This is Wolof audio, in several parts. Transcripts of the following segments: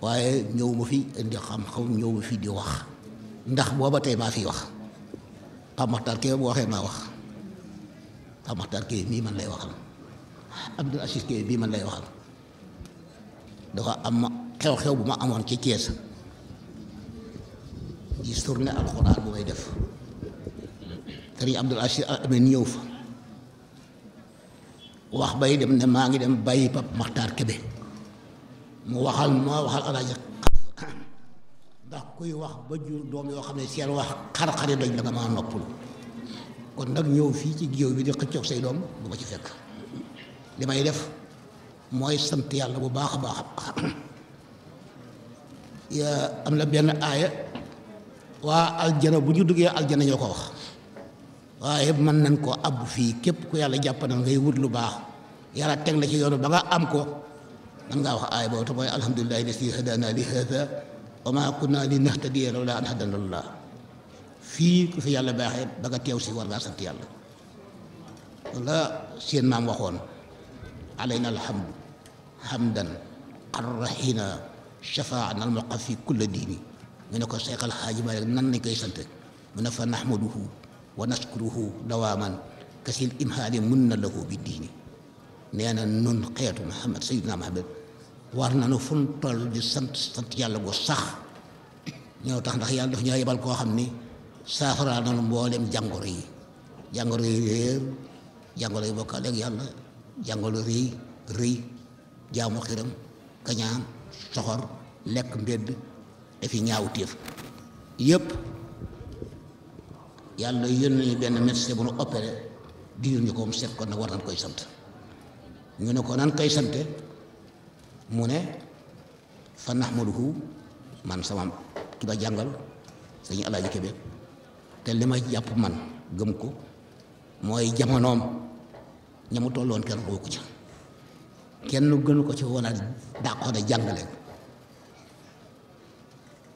waaye ñëw fi indi xam-xam di wax ndax booba tey maa fiy wax Pape Makhtar Kébé bu waxee maa wax Pape Makhtar Kébé mii man lay waxal Abdoul Aziz Kébé bii man lay waxal dafa am ma xew-xew bu ma amoon ci Thiès gis tournée alxuraan bu may def sëriñ Abdoul Aziz amee ah, ñëw fa wax bay dem ne maa ngi dem bàyyi Pape Makhtar Kébé mu waxal ma waxal alaaji ndax kuy wax ba jur doom yoo xam ne seen wax xar-xari doj la nga maa noppul kon nag ñëw fii ci géew bi di xëccoog say doom bu ma ci fekk li may def mooy sant yàlla bu baax a baax am na benn aaya waa aljana bu ñu duggee aljana ñoo ko wax waaye mën nañ koo abu fii képp ku yàlla jàpp ngay wut lu baax yàlla teg na ci yoonu ba nga am ko man ngaa wax aaya boobu te mooy alhamdulilahi lasi hadana li hada wa ma fii ku fi yàlla baaxee ba nga si war ngaa sant yàlla maam waxoon alayna alhamdu hamdan qarrahina shafaana almuqa fi kulla diini mu ko Seex al Xaaji Maalik nan lañ fa nahmaduhu wa nashkuruhu dawaaman kasil imhaali mun lahu bi diini nee na xeetu Muhammad sayyidina Muhammad war na fu ñu toll di sant sant yàlla gu sax ñoo tax ndax yàlla daf ñoo yebal koo xam ni saafara nañu mbooleem jàngoro yi jàngoro yi réer jàngoro yi bokkaale ak yàlla jàngoro rëy rëy jaamu xiram kañaan soxor lekk mbedd dafi ñaaw téef yépp yàlla yónni ñu benn médecin bu nu opéré di ñu ko mu seet ko nag war nañ koy sant ñu ne ko nan koy sante mu ne fa nahmaduhu man sama ki ba jàngal sëñ Alaaji Kebe te li ma jàpp man gëm ko mooy jamonoom ña mu tolloon kenn ko ca kenn gënu ko ci woon a dàqoon a jàngale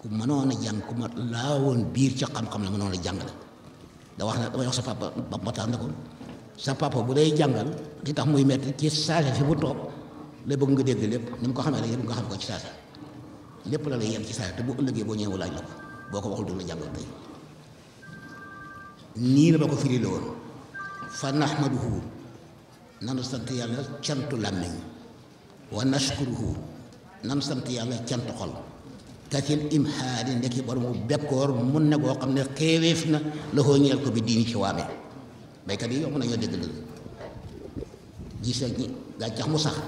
ku mënoon a jàng ku ma laa woon biir ca xam-xam la mënoon a jàngale da wax na damay wax sa papa ba tax ko sa papa bu day jàngal li tax muy metti ci saage fi bu toog lay bëgg nga dégg lépp ni mu ko xamee la yëpp nga xam ko ci saasa lépp la lay yem ci saasa te bu ëllëgee boo ñëwee laaj la ko boo ko waxul du la jàngal tey nii la ma ko firi la woon fa nahmaduhu nanu sant yàlla cantu làmmiñ wa nashkuruhu nanu sant yàlla cantu xol kasil imhaadi ndekki boromu bekkoor mun na koo xam ne xéewéef na la koo ñeel ko bi diini ci waame baykat yi yomb nañoo dégg la gis nga gàncax mu sax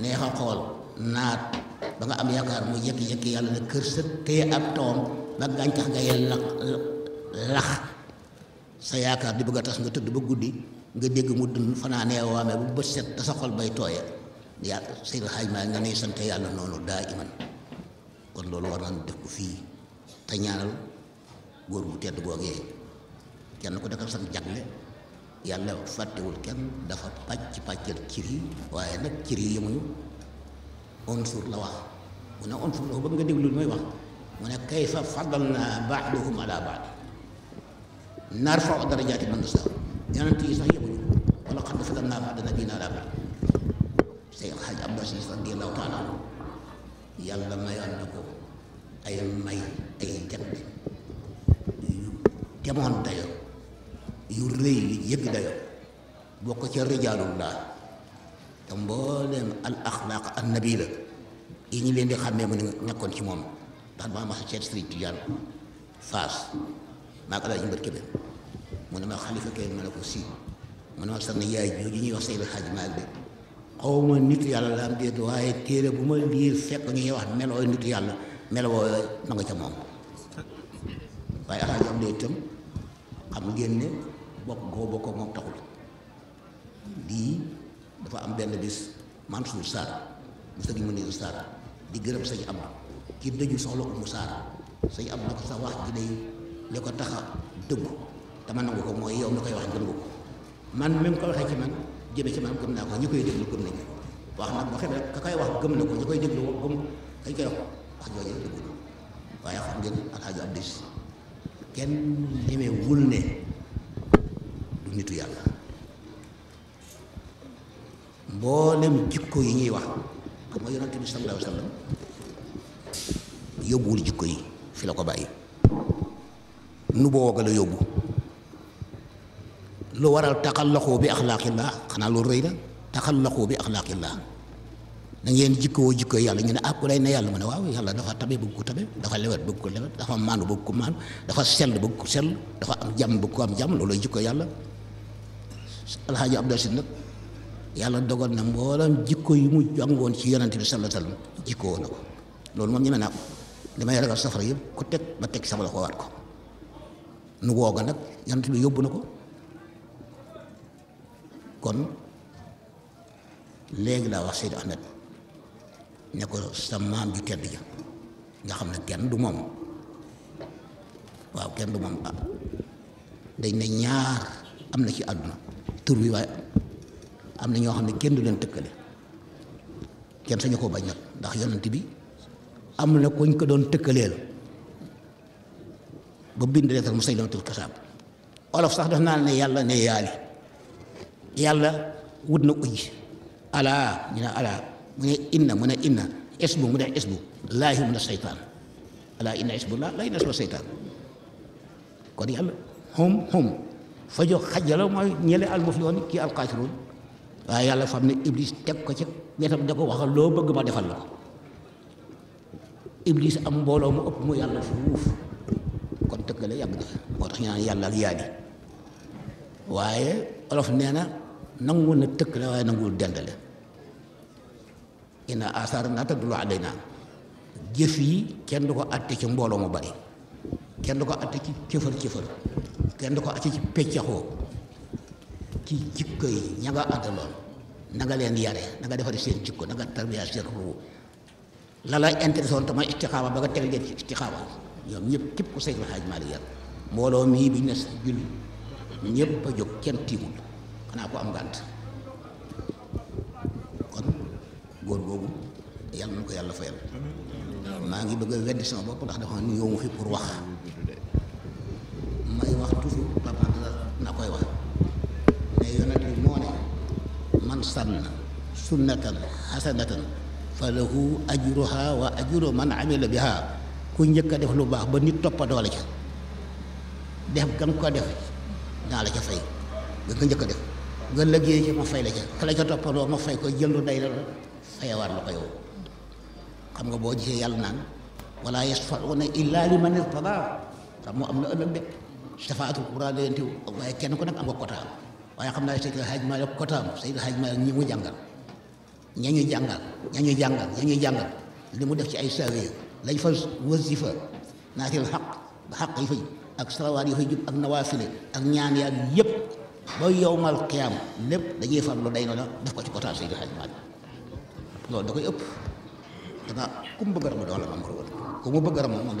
neex a xool naat ba nga am yaakaar mu jékki-jékki yàlla ne kër sa téye ak tawam ba gàncax nga yee lax lax sa yaakaar di bëgg a tas nga tëdd ba guddi nga dégg mu dund fanaa nee waamee bu bët set te sa xol bay tooye yàlla Seydou Hadj maa nga ne sant yàlla noonu daa iman kon loolu war nañu def ko fii te ñaanal góor bu tedd googee kenn ku defal sam jagle yàlla fàttewul kenn dafa pàcc pàccal cir yi waaye nag cir yi yemuñu unsur la wax mu ne unsur la ba nga déglu mooy wax mu ne kayfa faddalna ba'dahum ala ba'd narfa'u darajaati man nashaa yonent yi sax yemuñu wala qad yàlla mayoon na ay may ay jant yu demoon yu rëy li yëgg dayo bokk ca rijaalullah te mbooleem al axlaaq an nabi la yi ñu leen di xàmmee mu nekkoon ci moom ndax maa mas a seet Sëriñ Tijaan Faas maa ko laaj ne ma xalifa kay ma ne ko si mu ne ñuy wax Seydil Hadji Malick de xaw ma nit yàlla la am waaye téere bu ma liir fekk ñuy wax melooy nit yàlla meloo yooyu nga ca moom waaye alaaji am de itam xam ngeen bokk goo ko moom taxul lii dafa am benn bis Mansour Sarr mu sëñ Mounirou Sarr di gërëm sëñ am ci dëju soxla ko mu Sarr sëñ am na ko sax wax ji day li ko tax a dëgg te ma nangu ko mooy yow mi koy wax gëm ko man même ko waxee ci man jëme ko ñi koy déglu gëm nañu wax nag ka koy wax gëm na ko ñi wax wax jooju dëgg waaye xam ngeen alaaji Abdou kenn ñemee wul ne nitu yàlla mboolem jikko yi ñuy wax xam nga yonante bi sallallahu alayhi yóbbuwul jikko yi fi la ko bàyyi nu boo la yóbbu lu waral taxallaqu bi axlaaqillah xanaa loolu rëy la taxallaqu bi axlaaqillah da ngeen jikkoo jikko yàlla ñu ne ah ku lay ne yàlla mu ne waaw yàlla dafa tabe bëgg ko tabe dafa lewet bëgg ko lewet dafa maanu bëgg ko maanu dafa sell bëgg ko sell dafa am jàmm bëgg ko am jàmm loolooy jikko yàlla alxaaji Abdou Aziz nag yàlla dogal na mboolam jikko yu mu jàngoon ci yonante bi sallallahu alayhi wa sallam jikko woon na ko loolu moom ñeme naa ko li may ragal safara yëpp ku teg ma teg sama loxo waat nu wooga nag yonante bi yóbbu na ko kon léegi laa wax Seydou ne ko sa maam ju tedd ja nga xam ne kenn du moom waaw kenn du moom ah dañ ne ñaar am na ci àdduna tur bi waaye am na ñoo xam ne kenn du leen tëkkale kenn ko bañ nag ndax yonent bi am na kuñ ko doon tëkkaleel ba bind leetar Musaylimatul Kazaab olof sax daf naa ne yàlla ne yaali yàlla wut na uj alaa ñu ne alaa mu ne inna mu ne inna isbu mu ne isbu laahi mu ne seytaan alaa inna isbu laa laa inna isbu fa jox xajjala mooy ñële almuflihoon kii alxaasiroon waaye yàlla fam ne iblis teg ko ci wetam da ko waxal loo bëgg ma defal la ko iblis am mbooloo mu ëpp mu yàlla fuuf kon tëggale yàgg na moo tax ñu yàlla ak yaadi waaye olof nee na nangu na tëkkale waaye nanguwul dendale ina asaar naa te du la naa jëf yi kenn du ko àtte ci mbooloo mu bari kenn du ko àtte ci cëfër cëfër kenn du ko acci ci peccaxoo ci jikko yi ña nga àndaloon na nga leen yare na nga defari seen jikko na nga tarbiya seen ruu la la intéressé woon tamit istixaaba ba nga teg leen ci istixaaba ñoom ñëpp képp ku Seydi El Hadji Malick yar mbooloo mii bi ñu jul ñëpp a jóg kenn tiimul xanaa ko am ngànt kon góor boobu yàlla na ko yàlla fayal maa ngi bëgg a weddi sama bopp ndax dafa nuyoo mu fi pour wax wax toujours papa na koy wax ne yonent bi moo ne man sanna sunnatan hasanatan fa lahu ajruha wa ajru man amila biha ku njëkk def lu baax ba nit toppadoo la ca def gam ko def naa la ca fay gën ko njëkk def nga liggéey ci ma fay la ca ka ca toppadoo ma fay ko jël lu day la fayewaat la ko yow xam nga boo gisee yàlla naan wala yasfauna illa liman irtada xam moo am na ëllëg de safaatul kubra leen tiw waaye kenn ku nekk am nga kotaam waaye xam naa Seydil Hadj Malick kotaam Seydil Hadj Malick ñi mu jàngal ña ñuy jàngal ña ñuy jàngal ña ñuy jàngal li mu def ci ay saawiya lañ fa wasifa naatil xaq ba xaq yi fay ak salawaat yi fay ak nawaafile ak ñaan yaag yépp ba yowmal qiyaam lépp dañuy farlu day na def ko ci kotaam Seydil Hadj Malick loolu da koy ëpp danga ku bëgg a ram doon la mam ko wër ku bëgg a ram moom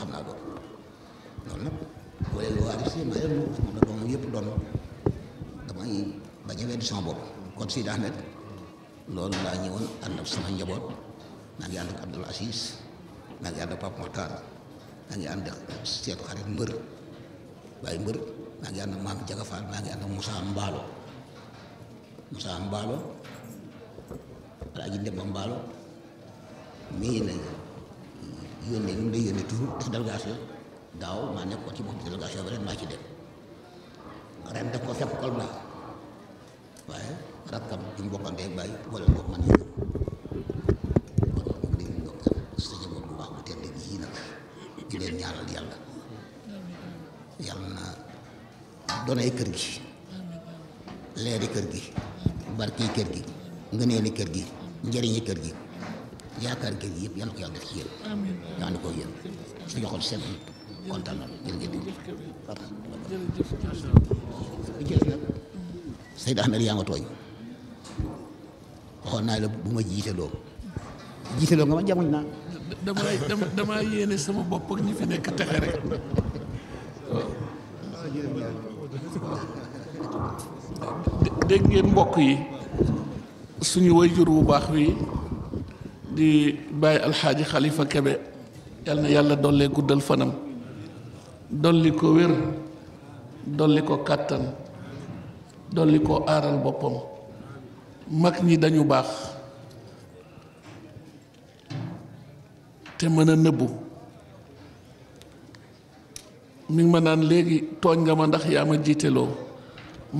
xam naa loolu waleel waarisi mayel yëpp doon damay bañ a sama bopp kon Sidi Ahmed loolu laa ñëwoon ànd ak sama njaboot maa ngi ànd ak Abdoul Aziz maa ngi ànd ak Pape Makhtar maa ngi ànd ak seetu xarit mbër waaye mbër maa ngi ànd ak maam Jaga Fall ngi ànd ak Moussa Mbaalo Moussa Mbaalo walla aji Demba Mbaalo mii lañ yónnee ñu ngi lay yónnee toujours def délégation daaw nekk nekkoon ci bopp délégation bi ren ci dem ren daf ko fekk Kolda waaye rakkam bi mu bokkam beeg bàyyi boole ko man yëpp kon nag di leen ñaanal yàlla yàlla na donay kër gi leeri kër gi barke kër gi ngëneeli kër gi njëriñi kër gi yaakaar kër gi yëpp yal na ko yàlla def ci yéen yaa ko yéen su joxoon seen kontaan nañu jërëjëf yaa nga tooñ waxoon naa la bu ma jiiteloo jiiteloo nga ma jamoñ naa damaa yéene sama bopp ñi fi nekk texe rek dégg mbokk yi suñu wayjur bu baax wi di bàyyi alxaaji xalifa kebe yal na yàlla dollee guddal fanam dolli ko wér dolli ko kàttan dolli ko aaral boppam mag ñi dañu baax te mën a nëbbu mi ngi ma naan léegi tooñ nga ma ndax yaa ma jiiteloo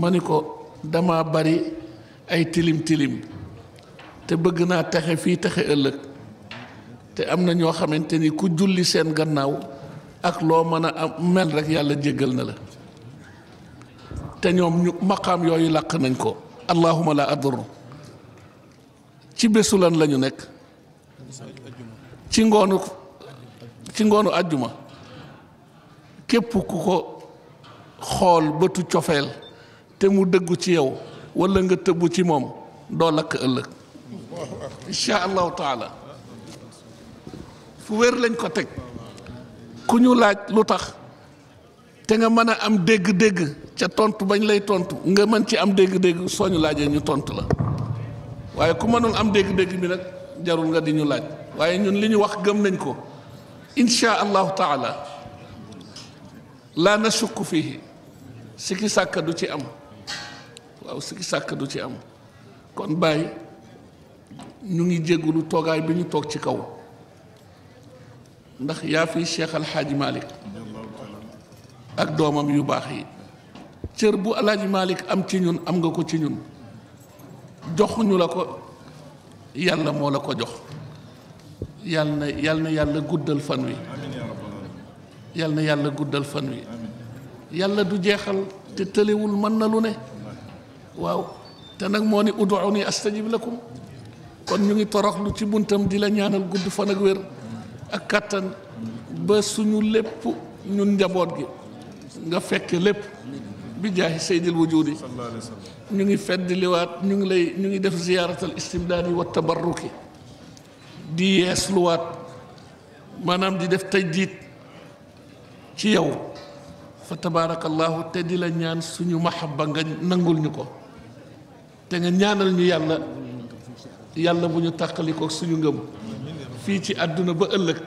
ma ni ko dama bari ay tilim tilim te bëgg naa taxe fii taxe ëllëg te am na ñoo xamante ni ku julli seen gannaaw ak loo mën a am mel rek yàlla jéggal na la te ñoom ñu maqaam yooyu làq nañ ko allahuma la adur ci bésu lan la ñu nekk ci ngoonu àjjuma képp ku ko xool bëtu cofeel te mu dëggu ci yow walla nga tëbbu ci moom doo lakk ëllëg incha allahu taala fu wér lañ ko teg ku ñu laaj lu tax te nga mën a am dégg-dégg ca tontu bañ lay tontu nga mën ci am dégg-dégg soo ñu laajee ñu tontu la waaye ku mënul am dégg-dégg bi nag jarul nga di ñu laaj waaye ñun li ñu wax gëm nañ ko insha allahu taala laa na sukk fii sikki sàkka du ci am waaw sikki sàkka du ci am kon bàyyi ñu ngi jéggulu toogaay bi ñu toog ci kaw ndax yaa fi Cheikh Al ak doomam yu baax yi cër bu Al Hadj am ci ñun am nga ko ci ñun joxuñu la ko yàlla moo la ko jox yàlla na yàlla na yàlla guddal fan wi yàlla na yàlla guddal fan wi yàlla du jeexal te tëlewul mën na lu ne waaw te nag moo ni ud'uuni astajib lakum kon ñu ngi toroxlu ci buntam di la ñaanal gudd fan ak wér ak kàttan ba suñu lépp ñun njaboot gi nga fekke lépp bi jaahi saydil wujudi ñu ngi fedd liwaat ñu ngi lay ñu ngi def ziyaaratal istimdaad yi wa tabarruki di yees luwaat maanaam di def tajdiid ci yow fa tabaarakallahu te di la ñaan suñu mahabba nga nangul ñu ko te nga ñaanal ñu yàlla yàlla bu ñu tàqalikoo suñu ngëm fii ci àdduna ba ëllëg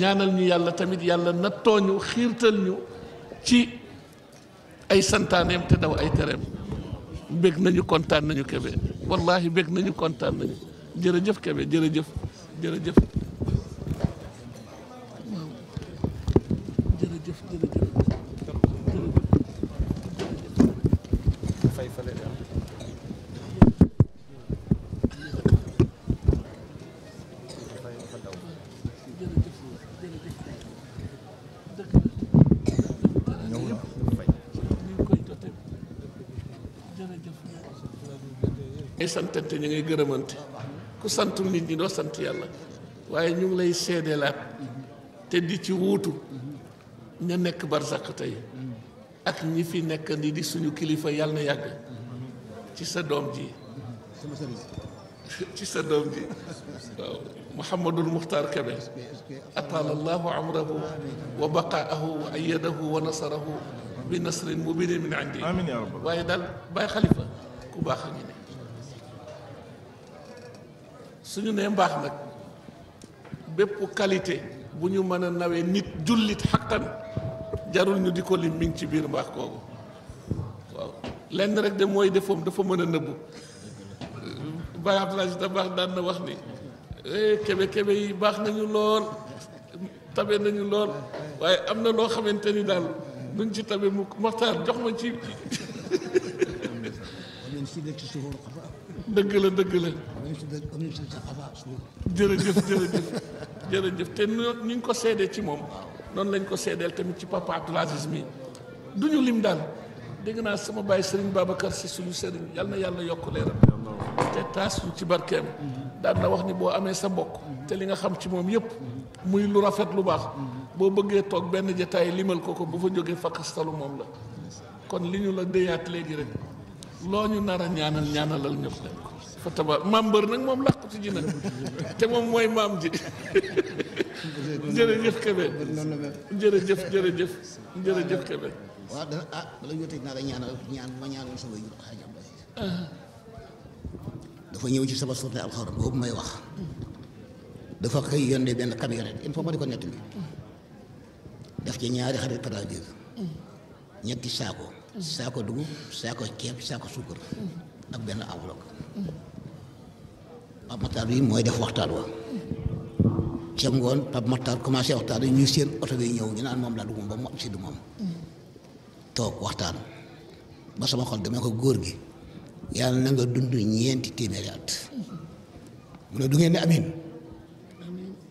ñaanal ñu yàlla tamit yàlla nattoo ñu xiirtal ñu ci ay santaaneem te daw ay tereem bég nañu kontaan nañu Kébé wallahi bég nañu kontaan nañu jërëjëf Kébé jërëjëf jërëjëf ngay santante ñu ngay gërëmante ku santul nit ñi doo sant yàlla waaye ñu ngi lay seedeelaat te di ci wuutu ña nekk barzak tey ak ñi fi nekk ni di suñu kilifa yàlla na yàgg ci sa doom ji ci sa doom ji waaw Mouhamadul Muxtaar Kebe ataala allahu amrahu wa baqaahu wa ayadahu wa nasarahu bi nasrin mubinin min indi waaye dal bàyyi xalifa ku baax a ngi ne suñu nee mbaax nag bépp qualité bu ñu mën a nawee nit jullit xaqan jarul ñu di ko lim mi ngi ci biir mbaax kooku waaw lenn rek de mooy defoom dafa mën a nëbbu Baye Abdoulaye baax daan na wax ni eh, kebe kebe yi baax nañu lool tabe nañu lool waaye am na loo xamante ni daal nuñ ci tabe mu Maxtaar jox ma ci dëgg la dëgg la ñu tuddee comme ñu tuddee xabaar jërëjëf jërëjëf jërëjëf te ni ñu ko seddee ci moom noonu lañ ko seedeel tamit ci papa Abdoul Aziz mi du ñu lim daal dégg naa sama bàyyi Serigne Babacar si suñu Serigne yal na yàlla yokk leeram te taas ci barkeem daan na wax ni boo amee sa mbokk te li nga xam ci moom yëpp muy lu rafet lu baax boo bëggee toog benn jataay limal ko ko bu fa jógee fakkastalu moom la kon li ñu la déyaat léegi rek loo ñu nar a ñaanal ñaanalal ñëpp dem fa taba maam mbër nag moom làqatu ji nag te moom mooy maam ji jërëjëf Kébé jërëjëf jërëjëf jërëjëf dana ah bala ñu tëj naa la ñaanal ñaan ma ñaanal sama yu dafa ñëw ci sama sourate alxaram boobu may wax dafa xëy yónnee benn camionnette il faut ko nett bi ci ñaari xarit traduire ñetti saako mm. saako dugub saako ceeb saako suukar mm. ak benn enveloppe mm. Pape Matar bi mooy def waxtaan wa ca ngoon Pape Matar commencé waxtaan ñu seen oto bi ñëw ñu naan moom laa du moom ba mu am si du moom toog waxtaan ba sama xol dama ko góor gi yàlla na nga dund ñeenti téeméeri at mu ne du ngeen ne amin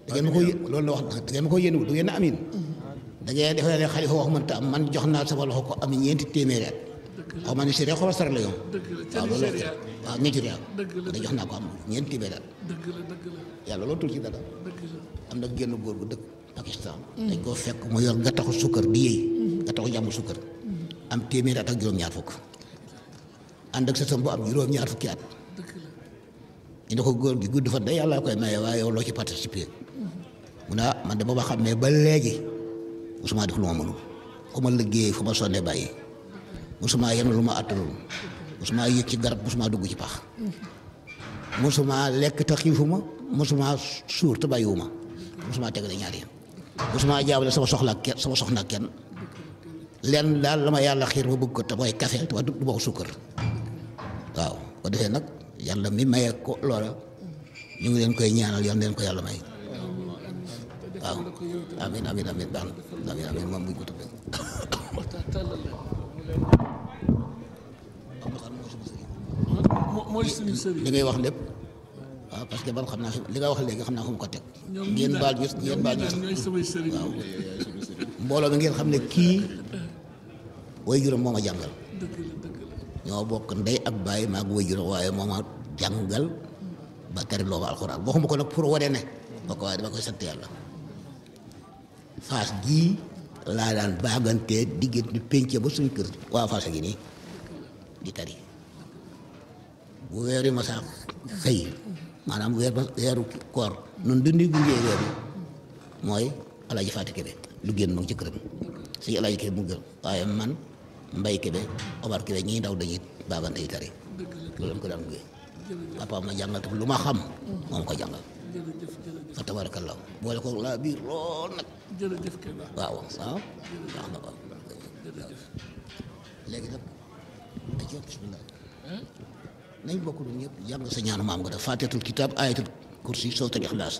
da ngeen ma ko loolu la wax da ngeen ma ko yéen du xalifa wax mënta am man jox naa sama loxo ko am ñeenti téeméeri at xaw ma Nigéria xaw ma Sierra waaw loolu waaw Nigéria da jox naa ko am ñeent weer daal yàlla loolu tuuti dara am na génn góor bu dëkk Pakistan mm. dañ koo fekk mu yor nga taxu sukkar di yëy nga mm-hmm. taxu jàmm sukkar mm-hmm. am téeméer at ak juróom-ñaar fukk ànd ak sa sam bu am juróom-ñaar fukki at ñu ne ko góor gi gudd fa da yàlla koy maye waaye yow loo ci participer mm-hmm. mu ne ah, man de booba xam ne ba léegi musuma def lu ma mënul ku ma liggéey fu ma sonnee bàyyi musuma yenu lu ma attanul musuma yëg ci garab musuma dugg ci pax musuma lekk te xiifuma musuma suur te bàyyiwuma musuma tegale ñaari musuma jaawale sama soxla ak kenn sama soxna ak kenn lenn daal la ma yàlla xiir ma bëgg ko te mooy café te du ma ko sukkar waaw ko defee nag yàlla mi maye ko loola ñu ngi leen koy ñaanal yoon leen ko yàlla may waaw amin amin baax na amin amin moom buñ ko tuddee li ngay wax lépp waaw parce que man xam naa li nga wax léegi xam naa fu mu ko teg. mbooloo bi ngeen xam ne kii way juróom moo ma jàngal. ñoo bokk ndey ak baay maa ngi way juróom waaye moo ma jàngal ba tari loo ma alxuraan waxuma ko nag pour wane ne. ba ko waaye dama koy sant yàlla. faas gii laa daan baagante diggante pénc ba suñu kër waa faas gi nii di tari. bu weeri masaa xëy maanaam weer weeru koor nun dundi gungee weer mooy alaaji Faati Kebe lu génn moom ci këram si alaaji Kebe mu gën waaye man Mbay Kebe Omar Kebe ñii ndaw dañuy baagante yi tari loolu lañ ko daan gungee papa ma jàngal tam lu ma xam moom ko jàngal fa tabarakallah boole ko laa biir lool nag waaw waaw nañ bokk lu ñëpp jàng sa ñaanu maam nga def faatihatul kitaab ayatul kursi sooratul ixlaas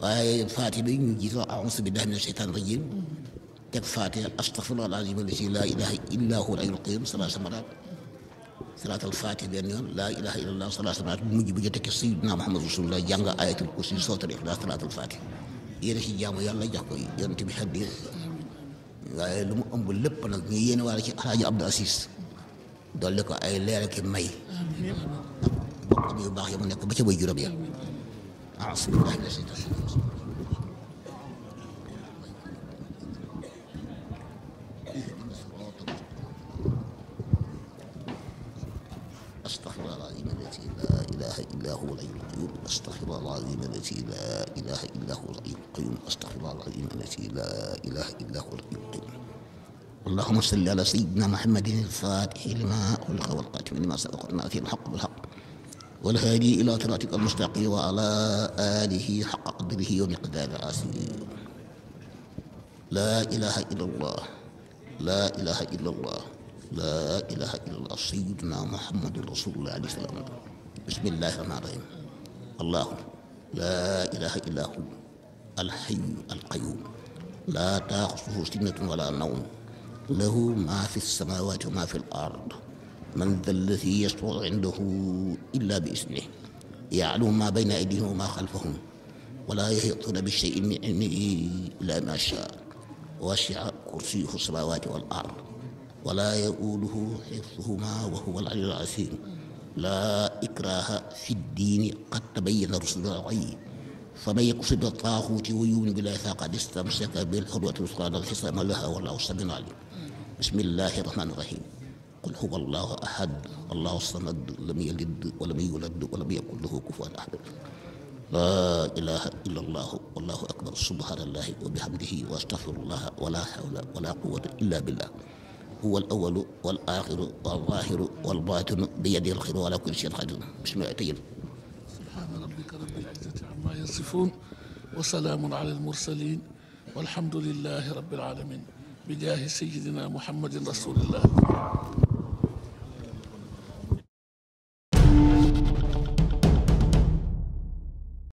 waaye faatiha bi ñu jiital auzu billahi mina sheytaani rajim teg faatiha astaghfirullah alazim allazi laa ilaha illa huwa al-hayyul qayyum salaasa maraat salaatal faatiha benn yoon laa ilaha illallah salaasa maraat bu mujj bu ñu tekki sayyidina muhammad rasulullah jàng ayatul kursi sooratul ixlaas salaatal faatiha yéen a si jaamu yàlla jox ko yonent bi xel waaye lu mu ëmb lépp nag ñu yéen a waale abdul asis dolli ko ay leer ki may bokk yu baax yi mu nekk ba ca bay juróom ya aasbillahi mina shaytan أستغفر العظيم الذي لا إله إلا هو الحي القيوم أستغفر العظيم الذي لا إله إلا هو الحي القيوم أستغفر العظيم الذي لا إله إلا هو الحي القيوم اللهم صل على سيدنا محمد الفاتح لما أغلق والقاتم لما سبق الناصر الحق بالحق والهادي إلى صراطك المستقيم وعلى آله حق قدره ومقدار العظيم لا إله إلا الله لا إله إلا الله لا إله إلا الله سيدنا محمد رسول الله عليه السلام بسم الله الرحمن الرحيم الله لا إله إلا هو الحي القيوم لا تأخذه سنة ولا نوم lahu ma fi samawati wa ma fi l ard man dha alladi yashfau indahu illa bi isnih yaalamu ma bayna aydihim wa ma xalfahum wala yahiituuna bi cheyin min ilmihi illa ma shaa wasia kursiyuhu samawati wal ard wala yauduhu xifduhuma wa huwa al aliyu al azim laa ikraha fi ddiini qad tabayyana rushdu minal ghayy faman yakfur bittaaguuti wa yu'min billaahi faqad istamsaka bil urwatil wuthqaa laa infisaama lahaa wallaahu samii'un aliim bismillahi rahmaani rahim qul huwa allahu ahad allahu samad lam yalid walam yulad walam yakun lahu kufuwan ahad laa ilaha illa allahu wallahu akbar subhanallahi wa bihamdihi wa astaghfirullah wala hawla wala quwwata illa billah huwa al awalu wal axiru wal zaahiru wal baatinu bi yadihi al xayru wa ala kulli shay'in qadiir bismillahi tëjël subhaana rabbika rabbil izzati amma yasifuun wa salaamun ala al mursaliin walhamdulillahi rabbil aalamiin bi jaahi sayyidina muhammadin rasulillah